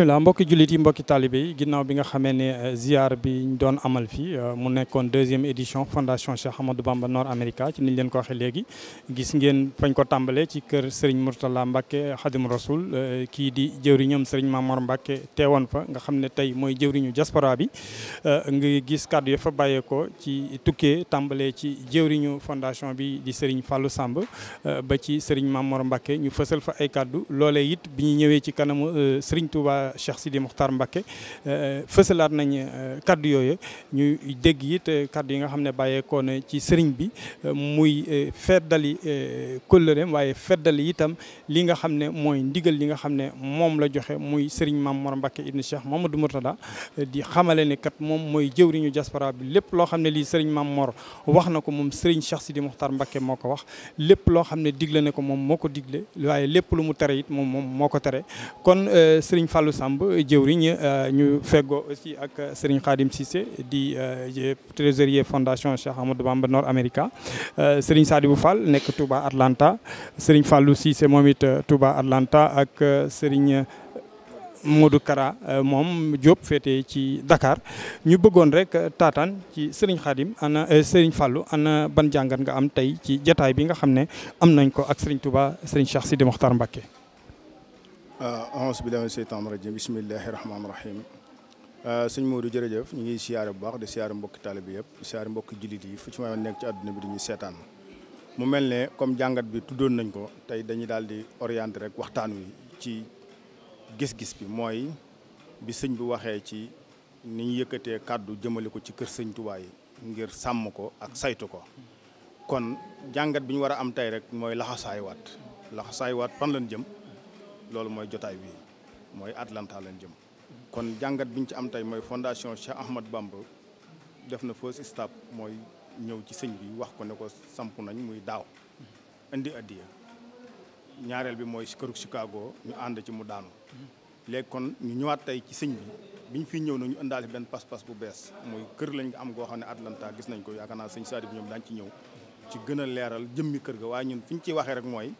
bisimilah mbokki jullit yi mbokki taalibe yi ginnaaw bi nga xamee ne euh, ziar bi ñu doon amal fii euh, mu nekkoon deuxième édition fondation Cheikh Amadou Bamba Nord America ci niñ leen ko waxee léegi gis ngeen fañ ko tàmbalee ci kër Serigne Mourtala Mbacke Khadim Rasoul euh, kii di jëwriñam Serigne Mamor Mbacke teewoon fa nga xam ne tey mooy jëwriñu diaspora bi nga gis kàddu ya fa bàyyeekoo ci tukkee tàmbalee ci jëwriñu fondation bi di Serigne Fallou sàmb ba ci Serigne Mamor Mbacke ñu fësal fa ay kàddu loolee it bi ñu ñëwee ci kanamu Serigne Touba Cheikh Sidi Mokhtar Mbacké euh, fësalaat nañ euh, kaddu yooyu ñu dégg it euh, kaddu yi nga xam ne bàyyeekoo na ci sëriñ bi muy feddali kóllëreem waaye feddali itam li nga xam ne mooy ndigal li nga xam ne moom la joxe muy sëriñ Maam Mor Mbacké moom ma Mamadou Murtada di xamale ne kat moom mooy jëwriñu diaspora bi lépp loo xam ne lii sëriñ Maam Mor wax na ko moom sëriñ Cheikh Sidi Mokhtar Mbacké moo ko wax lépp loo xam ne digle na ko moom moo ko digle waaye lépp mu tere it moo ko tere Fallou Samb jëwriñ euh, ñu feggoo aussi ak Serigne Khadim Cissé di euh, trésorier fondation Cheikh Amadou Bamba Nord America euh, Serigne Sadibou Fall nekk Touba Atlanta Serigne Fallou Cissé moom it Atlanta ak Serigne Modou Kara moom Diop féete ci Dakar ñu bëggoon rek taatan ci Serigne Khadim ana Serigne Fallou ana ban jàngat nga am tey ci jataay bi nga xam ne am nañ ko ak Serigne Touba Serigne Cheikh Sidi Mokhtar Mbacké bi euh, billaahi mina seytaani rajiim bismillaahi rahmaani rahiim euh, sëñ Modou jërëjëf ñu ngi siyaare bu baax di siyaare mbokki taalibe bi yëpp di siyaare mbokki jullit yi fu ci may nekk ci àdduna bi di seetaan mu mel ne comme jàngat bi tuddoon nañ ko tey dañuy daal di orienté rek waxtaan wi ci gis-gis bi mooy bi sëñ bu waxee ci ni ñu yëkkatee kàddu jëmale ko ci kër sëñ Tuubaa ngir sàmm ko ak saytu ko kon jàngat bi ñu war a am tey rek mooy laxasaay waat laxasaay waat fan lañ jëm loolu mooy jotaay bi mooy Atlanta lañ jëm kon jàngat bi ñu ci am tey mooy fondation Cheikh Ahmad Bamba def na foo step mooy ñëw ci sëñ bi wax ko ne ko samp nañ muy daaw indi addiya ñaareel bi mooy këru Chicago ñu ànd ci mu daanu léegi kon ñu ñëwaat tey ci sëñ bi ñu fi ñëw nañu indaal indaale benn pas-pas bu bees muy kër lañ nga am goo xam ne Atlanta gis nañ ko yaakaar naa sëñ Sadio ñoom daañu ci ñëw ci gën a leeral jëmmi kër ga waaye ñun fi ñu ciy waxee rek mooy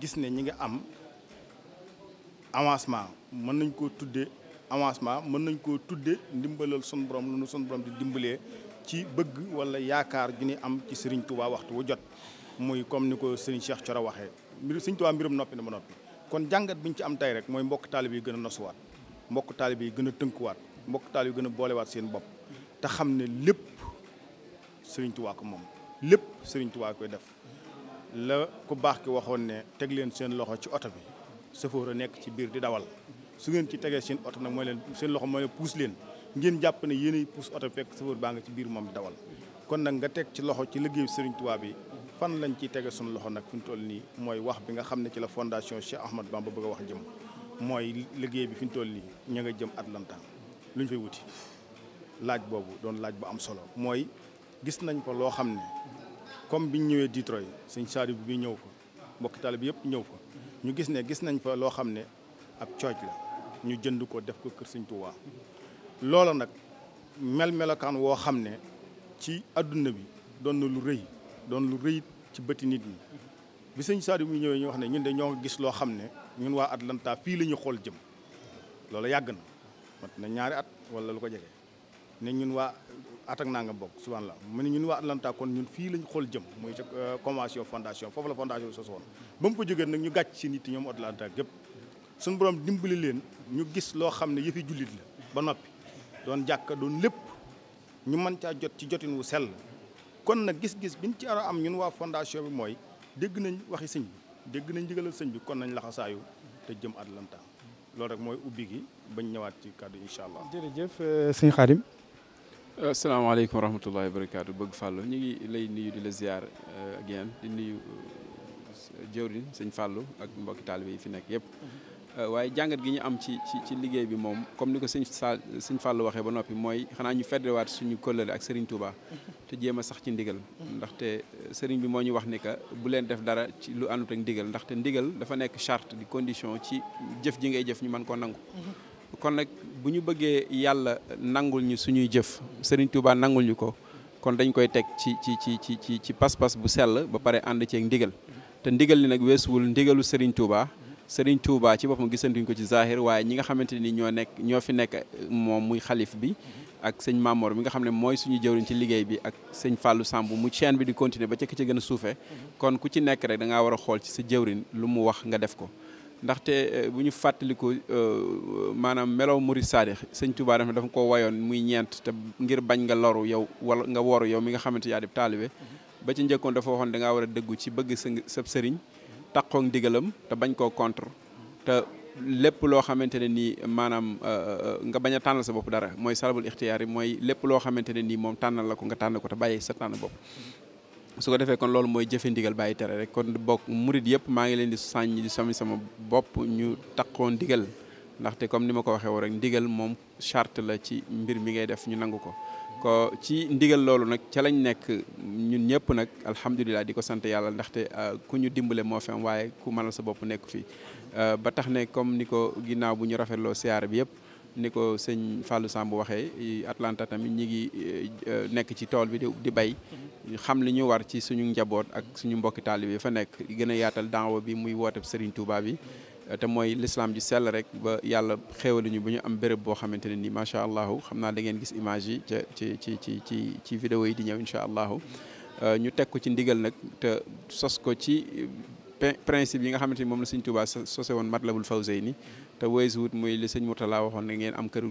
gis ne ñi nga am avancement mën nañ koo tuddee avancement mën nañ koo tuddee ndimbalal sun borom lu nu sun borom di dimbalee ci bëgg wala yaakaar ju ni am ci Serigne Touba waxtu wu jot muy comme ni ko Serigne Cheikh Thioro waxee mbir Serigne Touba mbirum noppi na ba noppi kon jàngat bi ñu ci am tey rek mooy mbokk taalib yi gën a nosuwaat mbokk taalib yi gën a tënkuwaat mbokk yi gën a boolewaat seen bopp te xam ne lépp Serigne Touba ko moom lépp Serigne Touba koy def la ku baax ki waxoon ne teg leen seen loxo ci oto bi sëfoor a nekk ci biir di dawal su ngeen ci tegee seen oto nag mooy leen seen loxo mooy leen puus leen ngeen jàpp ne yéenay puus oto fekk sëfoor baa nga ci biir moom di dawal kon nag nga teg ci loxo ci liggéey Sëriñ Tuubaa bi fan lañ ciy tege suñu loxo nag fi ñu toll nii mooy wax bi nga xam ne ci la fondation Cheikh Ahmad Bamba bëgg a wax jëm mooy liggéey bi fi ñu toll nii ñu nga jëm Atlanta lu ñu fay wuti laaj boobu doon laaj bu am solo mooy gis nañ ko loo xam ne comme biñ ñëwee Detroit sëñ saari bi ñëw fa mbokki taalibe bi yëpp ñëw fa ñu gis ne gis nañ fa loo xam ne ab cooj la ñu jënd ko def ko kër Sëñ Tuubaa loola nag mel melokaan woo xam ne ci àdduna bi doon na lu rëy doon lu rëy ci bëti nit ñi bi sëñ Sadio mu ñëwee ñu wax ne ñun de ñoo ngi gis loo xam ne ñun waa Atlanta fii la ñu xool jëm loolu yàgg na mat na ñaari at wala lu ko jege ne ñun waa at ak nga bokk subhanallah mu ne ñun waa Atlanta kon ñun fii lañ xool jëm muy ca euh, convention fondation foofu la fondation bi sosoon ba mu fa jógee nag ñu gàcc si nit ñoom Atlanta gépp suñu borom dimbali leen ñu gis loo xam ne yëfi jullit la ba noppi doon jàkka doon lépp ñu mën caa jot ci jotin wu sell kon nag gis-gis biñ ci ara am ñun waa fondation bi mooy dégg nañ waxi sëñ bi dégg nañ ndigalal sëñ bi kon nañ laxasaayu te jëm Atlanta loolu rek mooy ubbi gi bañ ñëwaat ci kàddu incha allah. jërëjëf euh, sëñ Xaadim Euh, asalaamaaleykum wa rahmatullahi wa barakaatu bëgg fàllu ñu ngi lay nuyu di la ziar euh, ak yéen di nuyu euh, jëwriñ sëñ fàllu ak mbokki taalibe yi fi nekk yëpp mhm. waaye jàngat gi ñu am ci ci ci liggéey bi moom comme ni ko sëñ sa sëñ fàllu waxee ba noppi mooy xanaa ñu feddewaat suñu kóllëre ak sëriñ Touba. Mhm. te jéem a sax ci ndigal mhm. ndaxte sëriñ bi moo ñu wax ni que bu leen def dara ci lu àndut ak ndigal ndaxte ndigal dafa nekk charte di condition ci jëf ji ngay jëf ñu mën koo nangu bu ñu bëggee yàlla nangul ñu suñuy jëf Serigne Touba nangul ñu ko kon dañ koy teg ci ci ci ci ci ci pas-pas bu sell ba pare ànd ceeg ndigal te ndigal li nag weesuwul ndigalu Serigne Touba Serigne Touba ci boppam gisantuñ ko ci zahir waaye ñi nga xamante ni ñoo nekk ñoo fi nekk moom muy xalif bi ak sëñ Mamor bi nga xam ne mooy suñu jëwriñ ci liggéey bi ak sëñ Fallou Samb mu chaîne bi di continuer ba ca ca gën a suufee kon ku ci nekk rek da ngaa war a xool ci sa jëwriñ lu mu wax nga def ko ndaxte eh, bu ñu fàttaliku eh, maanaam melow murid saadix sëñ Tuubaa dafa dafa ko wayoon muy ñeent te ngir bañ nga loru yow wala nga woru yow mi nga xamante yaa di taalibe ba ci njëkkoon dafa waxoon danga ngaa war a dëggu ci bëgg sa sab sëriñ taqoog ndigalam te bañ koo contre te lépp loo xamante ne nii maanaam eh, nga bañ a tànnal sa bopp dara mooy salabul ixtiyaar yi mooy lépp loo xamante ne moom tànnal la ko nga tànn ko te bàyyi sa tànna bopp su ko defee kon loolu mooy jëfe ndigal bàyyi tere rek kon bokk murit yëpp maa ngi leen di sàññ sami sama bopp ñu taqoo ndigal ndaxte comme ni ma ko waxee woo rek ndigal moom charte la ci mbir mi ngay def ñu nangu ko ci ndigal loolu nag ca lañ nekk ñun ñëpp nag alhamdulilah di ko sant yàlla ndaxte euh, ku ñu dimbale moo fi waaye ku mënal sa bopp nekk fii euh, ba tax ne comme ni ko ginnaaw bu ñu rafetloo siyaare bi yëpp ni ko sëñ Fallou Samb waxee Atlanta tamit ñi ngi euh, nekk ci tool bi di bay xam li ñu war ci suñu njaboot ak suñu mbokki taalibe yi fa nekk gën yaatal daawa bi muy woote Serigne Touba bi te mooy lislaam ji sell rek ba yàlla xéewali ñu bu ñu am béréb boo xamante ne nii macha allah xam naa da ngeen gis image yi ci ci ci ci ci vidéo yi di ñëw incha allah euh, ñu teg ko ci ndigal nag te sos ko ci principe yi nga xamante moom la sëñ Touba sose woon Matlabul Fawzayni te weesu wut muy li sëñ Mourtala waxoon na ngeen am këru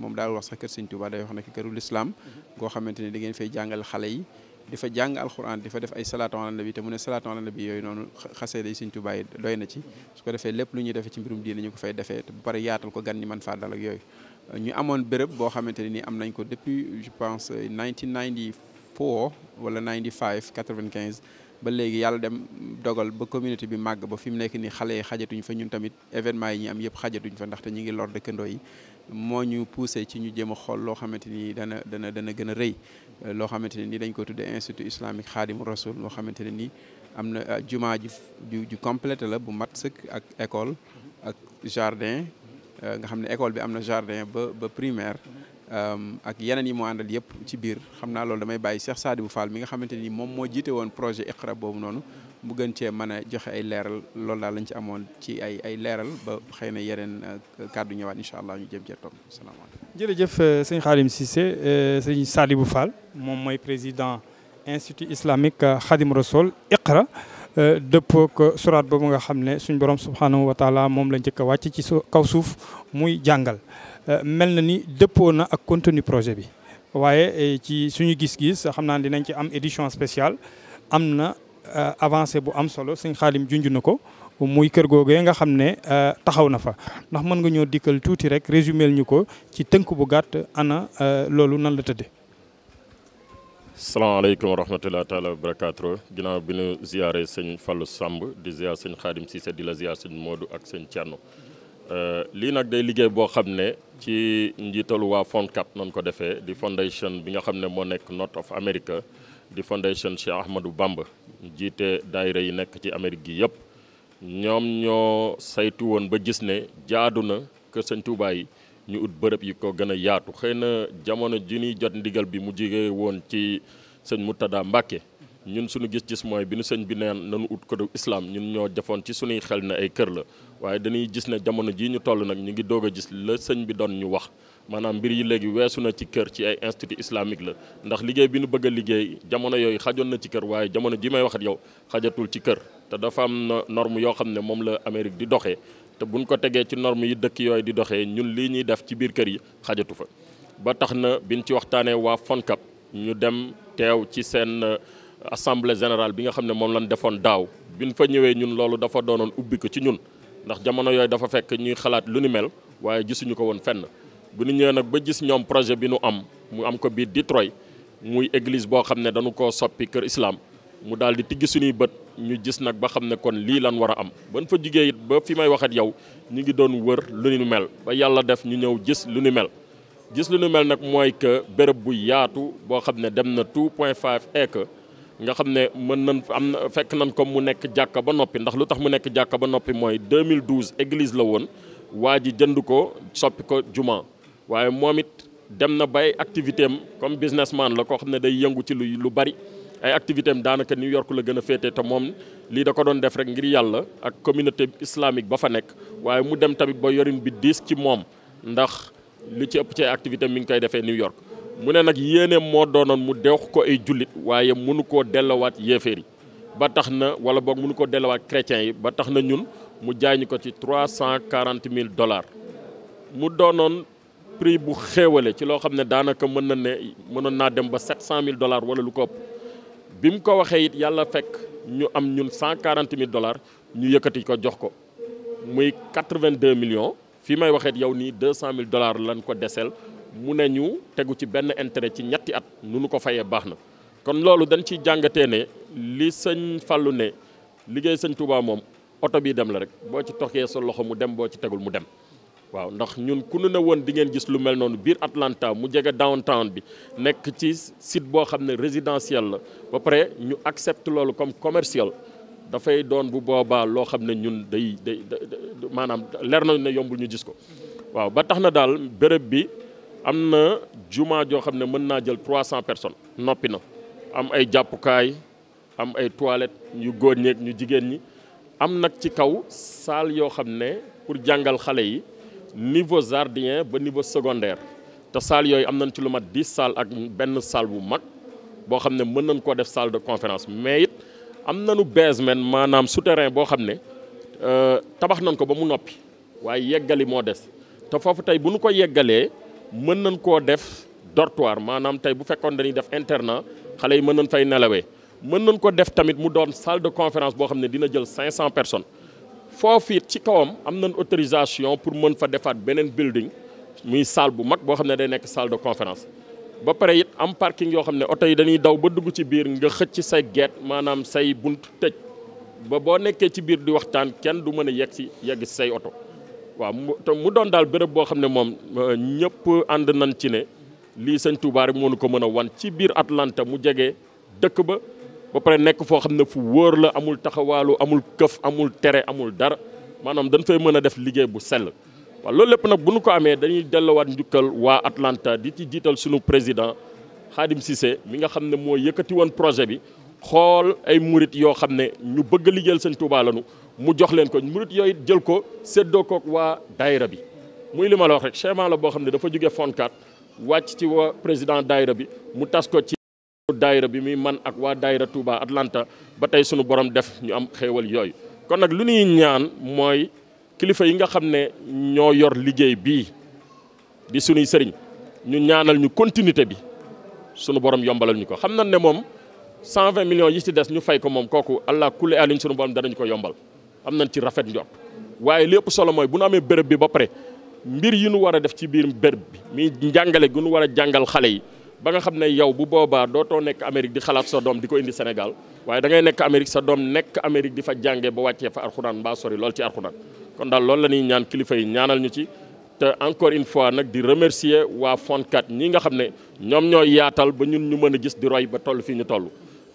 moom daal wax sax kër sëñ Touba day wax ne këru lislaam goo xamante ni da ngeen fay xale yi di fa jàng alxuraan di fa def ay salaatu a nabi te mu ne salaatu ala nabi yooyu noonu xasee day Sëriñ Tuubaa yi doy na ci su ko defee lépp lu ñuy defee ci mbirum diine ñu ko fay defee te bu pare yaatal ko gan ñi mën faa dal yooyu ñu amoon béréb boo xamante ne ni am nañ ko depuis je pense 1994 wala 95 95 ba léegi yàlla dem dogal ba communauté bi màgg ba fi mu nekk nii xale yi xajatuñ fa ñun tamit événement yi ñi am yëpp xajatuñ fa ndaxte ñu ngi lor dëkkandoo yi moo ñu poussé ci ñu jéem a xool loo xamante ni dana dana dana gën a rëy loo xamante ne ni dañ koy tuddee institut islamique xaadim rasul loo xamante ne ni am na ah, jumaa ju ju complète la bu mat sëkk ak école ak jardin euh, nga xam ne école bi am na jardin ba ba primaire Euh, ak yeneen yi mu àndal yëpp ci biir xam naa loolu damay bàyyi Cheikh Sadibou faal mi nga xamante ni moom moo jiite woon projet Iqra boobu noonu mu gën cee mën a joxe ay leeral loolu daal lañ ci amoon ci ay ay leeral xëy na yeneen euh, kàddu ñëwaat incha allah ñu jëm cee topp salaamaaleykum. jërëjëf euh, sëñ Khadim Cissé sëñ Sadibou Fall moom mooy président institut islamique Khadim Rassoul Iqra dëppoo ak suraat boobu nga xam ne suñ borom subhanahu wa moom la jëkk a wàcc ci su kaw suuf muy jàngal. Euh, mel na ni dëppoo na ak contenu projet bi waaye eh, ci suñu gis-gis xam naa dinañ ci am édition spéciale am na euh, avancé bu am solo sëñ Xaalim junj na ko muy kër googee nga xam ne euh, taxaw na fa ndax mën nga ñoo dikkal tuuti rek résumel ñu ko ci tënk bu gàtt ana loolu nan la tëddee. salaamaaleykum wa rahmatulah taala wa barakaatu ginnaaw bi ñu ziare sëñ Fallou Samb di ziar sëñ Xaadim Cissé di la ziar sëñ Modou ak sëñ Thierno. Euh, lii nag day liggéey boo xam ne ci njiitalu waa FONCAT noonu ko defee di fondation bi nga xam ne moo nekk North of America di fondation Cheikh Ahmadou Bamba jiite daayira yi nekk ci Amérique gi yëpp ñoom ñoo saytu woon ba gis ne jaadu na kër Sëñ Tuubaa yi ñu ut bërëb yi ko gën a yaatu xëy na jamono ji ñuy jot ndigal bi mu jigee woon ci sëñ Murtada Mbàkke ñun suñu gis-gis mooy bi nu sëñ bi neen nañu ut këru islam ñun ñoo jafoon ci suñuy xel na ay kër la waaye dañuy gis ne jamono jii ñu toll nag ñu ngi doog a gis la sëñ bi doon ñu wax maanaam mbir yi léegi weesu na ci kër ci ay institut islamique la ndax liggéey bi nu bëgg a liggéey jamono yooyu xajoon na ci kër waaye jamono ji may waxat yow xajatul ci kër te dafa am norme yoo xam ne moom la Amérique di doxee te buñ ko tegee ci norme yi dëkk yooyu di doxee ñun lii ñuy def ci biir kër yi xajatu fa ba tax na biñ ci waxtaanee waa FONCAP ñu dem teew ci seen assemblée générale bi nga xam ne moom lañ defoon daaw bi nu fa ñëwee ñun loolu dafa doonoon ubbi ko ci ñun ndax jamono yooyu dafa fekk ñuy xalaat lu nu mel waaye gisuñu ko woon fenn bu ñu ñëwee nag ba gis ñoom projet bi nu am mu am ko biir Detroit muy église boo xam ne dañu koo soppi kër islaam mu daal di tiggi suñuy bët ñu gis nag ba xam ne kon lii lan war a am ban fa jugee it ba fi may wax yow ñu ngi doon wër lu nu mel ba yàlla def ñu ñëw gis lu ni mel. gis lu ni mel nag mooy que béréb bu yaatu boo xam ne dem na 2.5 acres nga xam ne mën nañ am na fekk nañ comme mu nekk jàkka ba noppi ndax lu tax mu nekk jàkka ba noppi mooy 2012 église la woon waa ji jënd ko soppi ko jumaa waaye moom it dem na bay activité am comme businessman la koo xam ne day yëngu ci lu lu bari ay activité am daanaka New York la gën a féete te moom lii da ko doon def rek ngir yàlla ak communauté islamique ba fa nekk waaye mu dem tamit ba yorin bi diis ci moom ndax li ci ëpp ci ay activité mi ngi koy defee New York mu ne nag yéene moo doonoon mu deex ko ay jullit waaye mënu koo dellowaat yéeféer yi ba tax na wala boog mënu koo dellowaat chrétiens yi ba tax na ñun mu jaay ñu ko ci trois cent quarante mille dollars mu doonoon prix bu xéewale ci loo xam ne daanaka mën na ne mënoon naa dem ba sept cent mille dollars wala lu ko ëpp bi mu ko waxee it yàlla fekk ñu am ñun cent quarante mille dollars ñu yëkkati ko jox ko muy quatre vingt deux millions fii may waxeet yow nii deux cent mille dollars lañ ko deseel mu ne ñu tegu ci benn intéret ci ñetti at nu ñu ko fayee baax na kon loolu dañ ciy jàngatee ne li sëñ Fallou ne liggéey sëñ Touba moom oto bii dem la rek boo ci toxee sa loxo mu dem boo ci tegul mu dem waaw ndax ñun ku nu ne woon di ngeen gis lu mel noonu biir Atlanta mu jege downtown bi nekk ci site boo xam ne résidentiel la ba pare ñu accepte loolu comme commercial dafay doon bu boobaa loo xam ne ñun day day maanaam leer nañu ne yombul ñu gis ko am na jumaa joo xam ne mën naa jël trois cent personnes noppi na am ay jàppukaay am ay toilettes ñu góor ñeeg ñu jigéen ñi am nag ci kaw salle yoo xam ne pour jàngal xale yi niveau jardin ba niveau secondaire te salle yooyu am nañ ci lu mat dix salles ak benn salle bu mag boo xam ne mën nañ koo def salle de conférence mais it am nañu basement maanaam souterrain boo xam ne euh, tabax nañ ko ba mu noppi waaye yeggali moo des te foofu tey bu nu ko yeggalee mën nañ koo def dortoir maanaam tey bu fekkoon dañuy def internant xale yi mën nañ fay nelawee mën nañ ko def tamit mu doon salle de conférence boo xam ne dina jël 500 personnes foofu it ci kawam am nañ autorisation pour mën fa defaat beneen building muy salle bu mag boo xam ne day nekk salle de conférence ba pare it am parking yoo xam ne oto yi dañuy daw ba dugg ci biir nga xëcc say geet maanaam say bunt tëj ba boo nekkee ci biir di waxtaan kenn du mën a yegg si yegg si say oto waaw mu doon daal béréb boo xam ne moom euh, ñëpp ànd nañ ci ne lii sañ Touba rek moo nu ko mën a wan ci biir Atlanta mu jege dëkk ba ba pare nekk foo xam ne fu wóor la amul taxawaalu amul këf amul tere amul dara maanaam dañ fay mën a def liggéey bu sell. waaw loolu lépp nag bu nu ko amee dañuy delluwaat njukkal waa Atlanta di ci jiital suñu président Khadim Cissé mi nga xam ne moo yëkkati woon projet bi xool ay murit yoo xam ne ñu bëgg a liggéeyal sëñ Touba mu jox leen ko mu yooyu jël ko séddoo koog waa daayira bi muy li ma la wax rek schéma la boo xam ne dafa jóge fonkat wàcc ci waa président daayira bi mu tas ko ci daayira bi muy man ak waa daayira Touba Atlanta ba tey sunu borom def ñu am xéewal yooyu kon nag lu ñuy ñaan mooy kilifa yi nga xam ne ñoo yor liggéey bi di sunuy sëriñ ñu ñaanal ñu continuité bi sunu borom yombalal ñu ko xam na ne moom 120 millions yi ci des ñu fay ko moom kooku allah kulli alin sunu borom danañ ko yombal am nañ ci rafet njort waaye lépp solo mooy bu nu amee bërëb bi ba pare mbir yi nu war a def ci biir béréb bi muy njàngale gu nu war a jàngal xale yi ba nga xam ne yow bu boobaa dootoo nekk Amérique di xalaat sa doom di ko indi senegal waaye da nekk Amérique sa doom nekk Amérique di fa jànge ba wàccee fa arxuraan mbaa sori lool ci arxuraan kon daal loolu la ñuy ñaan kilifa yi ñaanal ñu ci te encore une fois nag di remercier waa Fonkat ñi nga xam ne ñoom ñooy yaatal ba ñun ñu mën a gis di roy ba toll fii ñu toll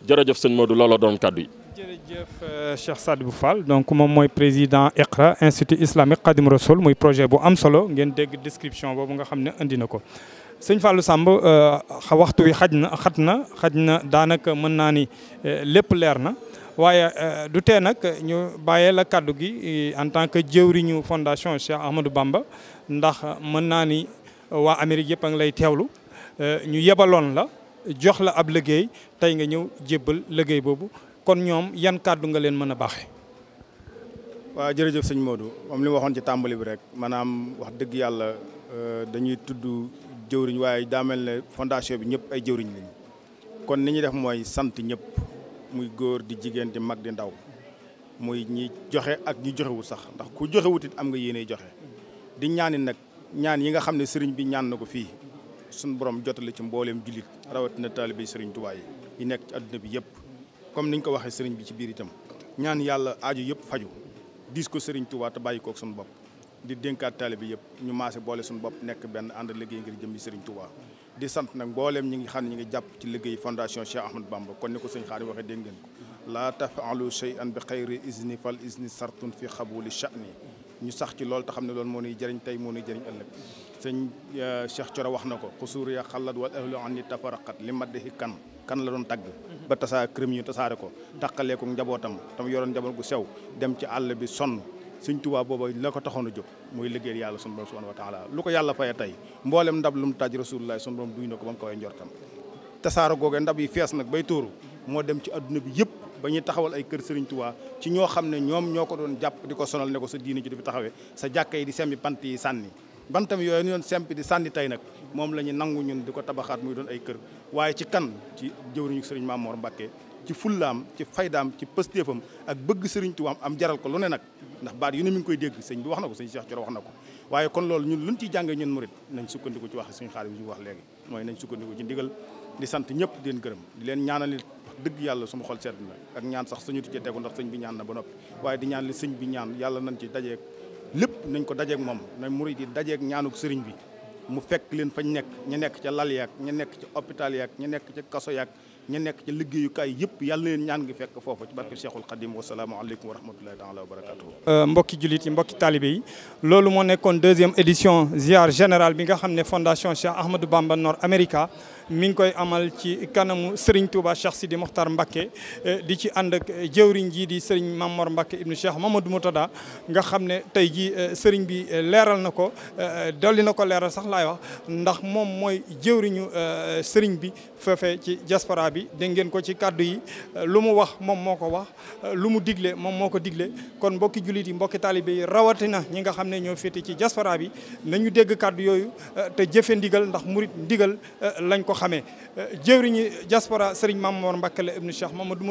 jërëjëf sëñ Modou looloo doon kàddu jërëjëf euh, Cheikh Sadibou Fall donc moom mooy président ICRA institut islamique Khadim Rasoul muy projet bu am solo ngeen dégg description boobu nga xam ne indi na ko. sëñ Fallou sàmb euh, waxtu wi xaj na xat na xaj na daanaka mën naa ni euh, lépp leer na waaye du tee nag ñu bàyyee la kàddu gi en tant que jëwriñu fondation Cheikh Ahmadou Bamba ndax mën naa ni waa Amérique yëpp a ngi lay teewlu ñu yebaloon la jox la ab liggéey tey nga ñëw jébbal liggéey boobu. kon ñoom yan kàddu nga leen mën a baaxee. waa jërëjëf sëñ Modou moom li waxoon ci tàmbali bi rek maanaam wax dëgg yàlla euh, dañuy tudd jëwriñ waaye daa ne fondation bi ñëpp ay jëwriñ lañu kon ni ñuy def mooy sant ñëpp muy góor di jigéen di mag di ndaw muy ñi joxe ak ñi joxewul sax ndax ku joxewut it am nga yéeney joxe di ñaani nag ñaan yi nga xam ne sëriñ bi ñaan na ko fii suñu borom jotale ci mbooleem jullit rawatina taalibe sëriñ Tuubaa yi nekk ci adduna bi yëpp comme ni ñu ko waxee sëriñ bi ci biir tam ñaan yàlla aaju yëpp faju diis ko sëriñ Tuubaa te bàyyi kook suñu bopp di dénkaat taalibe yëpp ñu maase boole suñu bopp nekk benn ànd liggéey ngir jëm yi sëriñ Tuubaa di sant nag mbooleem ñi ngi xam ne ñu ngi jàpp ci liggéey fondation Cheikh Ahmad Bamba kon ni ko sëñ Xaadim waxee dégg ko laa tafaalu shay'an bi xayri izni fal izni sartun fi xabuli sha'ni ñu sax ci loolu te xam ne lool moo nuy jëriñ tey moo nuy jëriñ ëllëg sëñ euh, Cheikh wax na ko xusuur ya xalat wal ahlu anni tafaraqat li maddihi kan kan la doon tagg ba tasaa kërëm ñu tasaare ko taqaleeku njabootam tam yoroon njaboot gu sew dem ci àll bi sonn Sëñ Tuubaa booba la ko taxoon a jóg muy liggéeyal yàlla sunu borom subhaanahu wa taala lu ko yàlla faye tey mboolem ndab lu mu taj rasulullah sunu borom duy na ko ba mu kawee njortam tasaaro googee ndab yi fees nag bay tuuru moo dem ci adduna bi yëpp ba ñuy taxawal ay kër Serigne Touba ci ñoo xam ne ñoom ñoo ko doon jàpp di ko sonal ne ko sa diini ji du fi taxawee sa jàkka yi di semmi pant yi sànni bantam yooyu ñu doon sempi di sànni tey nag moom la ñu nangu ñun di ko tabaxaat muy doon ay kër waaye ci kan ci jëwriñu sëriñ moor Mbàkke ci fullaam ci faydaam ci pëstéefam ak bëgg sëriñ Tuubaa am jaral ko lu ne nag ndax baat yu ne mi ngi koy dégg sëñ bi wax na ko sëñ Cheikh Thioro wax na ko waaye kon loolu ñun luñ ciy jàngee ñun murit nañ sukkandiku ci wax suñu xaalis bi wax léegi mooy nañ sukkandiku ci ndigal di sant ñëpp den gërëm di leen ñaanal dëgg yàlla suma xol sedd na ñaan sax suñu tijjee tegu ndax sëñ bi na ba noppi waaye bi ñaan yàlla nañ ci dajeek lépp nañ ko dajeek moom na murid yi dajeeg ñaanuk sëriñ bi mu fekk leen fa ñu nekk ñu nekk ca lal yaak ñu nekk ca hôpital yaak ñu nekk ca kaso yaak ñu nekk ci liggéeyukaay yëpp yàlla leen ñaan ngi fekk foofu ci barke Cheikhul Khadim wa salaamu aleykum wa rahmatullahi taala wa barakatuh euh, mbokki jullit yi mbokki taalibe yi loolu moo nekkoon deuxième édition ziar générale bi nga xam ne fondation Cheikh Ahmadou Bamba Nord America mi ngi koy amal ci kanamu Serigne Touba Cheikh Sidi Mokhtar Mbacké euh, di ci ànd ak jëwriñ jii di Serigne Mamor Mbacké ibnu Cheikh Mamadou Moutada nga xam ne tey jii euh, Serigne bi leeral na ko dolli na ko leeral sax laay wax ndax moom mooy jëwriñu Serigne bi fefe ci diaspora bi dégg ngeen ko ci kàddu yi lu mu wax moom moo ko wax lu mu digle moom moo ko digle kon mbokki jullit yi mbokki taalibe yi rawatina ñi nga xam ne ñoo féete ci diaspora bi nañu dégg kàddu yooyu euh, te jëfe ndigal ndax murit ndigal euh, lañ ko xamee euh, jëwriñi diaspora sëriñ Mamoor Mbàkke la ma Cheikh Mamadou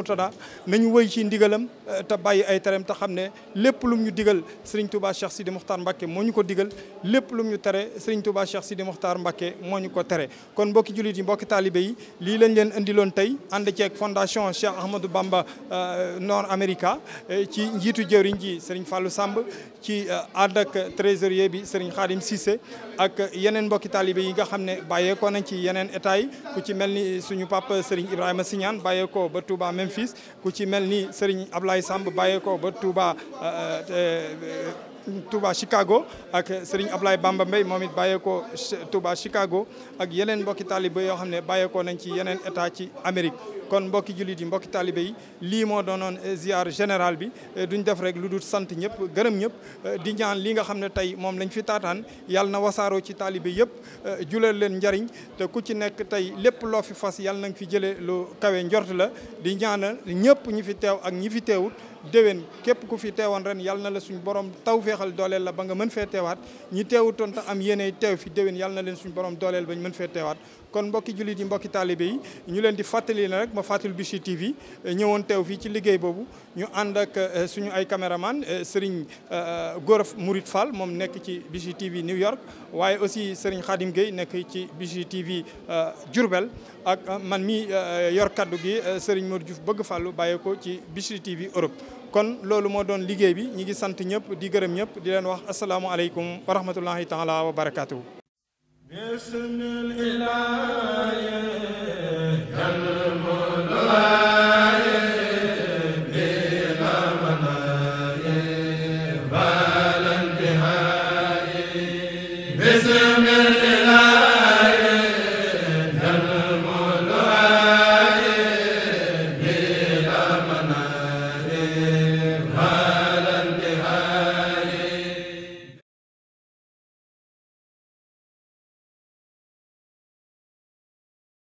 na ñu woy ci ndigalam te bàyyi ay tereem te xam ne lépp lum ñu digal sëriñ Touba Cheikh Sidi Mokhtar Mbàkke moo ñu ko digal lépp lum ñu tere sëriñ Touba Cheikh Sidi Mokhtar Mbàkke moo ñu ko tere kon mbokki jullit yi mbokki taalibe yi lii lañ leen indiloon tey ànd ceeg fondation Cheikh Ahmadou Bamba euh, Nord America euh, ci njiitu jëriñ ji sëriñ Fallou Samb ci euh, ànd ak trésorier bi sëriñ Khadim Cissé ak yeneen mbokki taalibe yi nga xam ne bàyyeekoo nañ ci yeneen état yi ku ci mel ni suñu papa Serigne Ibrahima Signane bàyyeekoo ba Touba Memphis ku ci mel ni Serigne Ablaye Samb bàyyeekoo ba Touba. Touba Chicago ak Serigne Ablaye Bamba Mbaye moom it bàyyeekoo Touba Chicago ak yeneen mbokki taaliba yoo xam ne bàyyeekoo nañ ci yeneen état ci Amérique. kon mbokki jullit yi mbokki taalibe yi lii moo doonoon eh, ziar général bi eh, duñ def rek lu dul sant ñëpp gërëm ñëpp eh, di ñaan li nga xam ne tey moom lañ fi taataan yàlla na wasaaroo ci taalibe yëpp julal leen njariñ te ku ci nekk tey lépp loo fi fas yàlla na fi jëlee lu kawe njort la di ñaanal ñëpp ñi fi teew ak ñi fi teewut déwén képp ku fi teewoon ren yàlla na la suñu borom taw feexal dooleel la ba nga mën fee teewaat ñi teewutoon te am yéeney teew fi déwén na leen suñu borom dooleel ba mën fee teewaat kon mbokki jullit yi mbokki taalibe yi ñu leen di fàttali rek ba Fatul Bichri TV eh, ñëwoon teew fii ci liggéey boobu ñu ànd ak eh, suñu ay caméraman eh, Serigne Gora Mourid Fall moom nekk ci Bichri TV New York waaye aussi Serigne Khadim Gueye nekk ci Bichri TV Diourbel ak man mi yor kaddu gi Serigne Modou Diouf bëgg fàllu bàyyee ko ci Bichri TV Europe kon loolu moo doon liggéey bi ñi ngi sant ñëpp di gërëm ñëpp di leen wax asalaamualeykum wa rahmatullahi taala wa barakatuhu بسم الإله a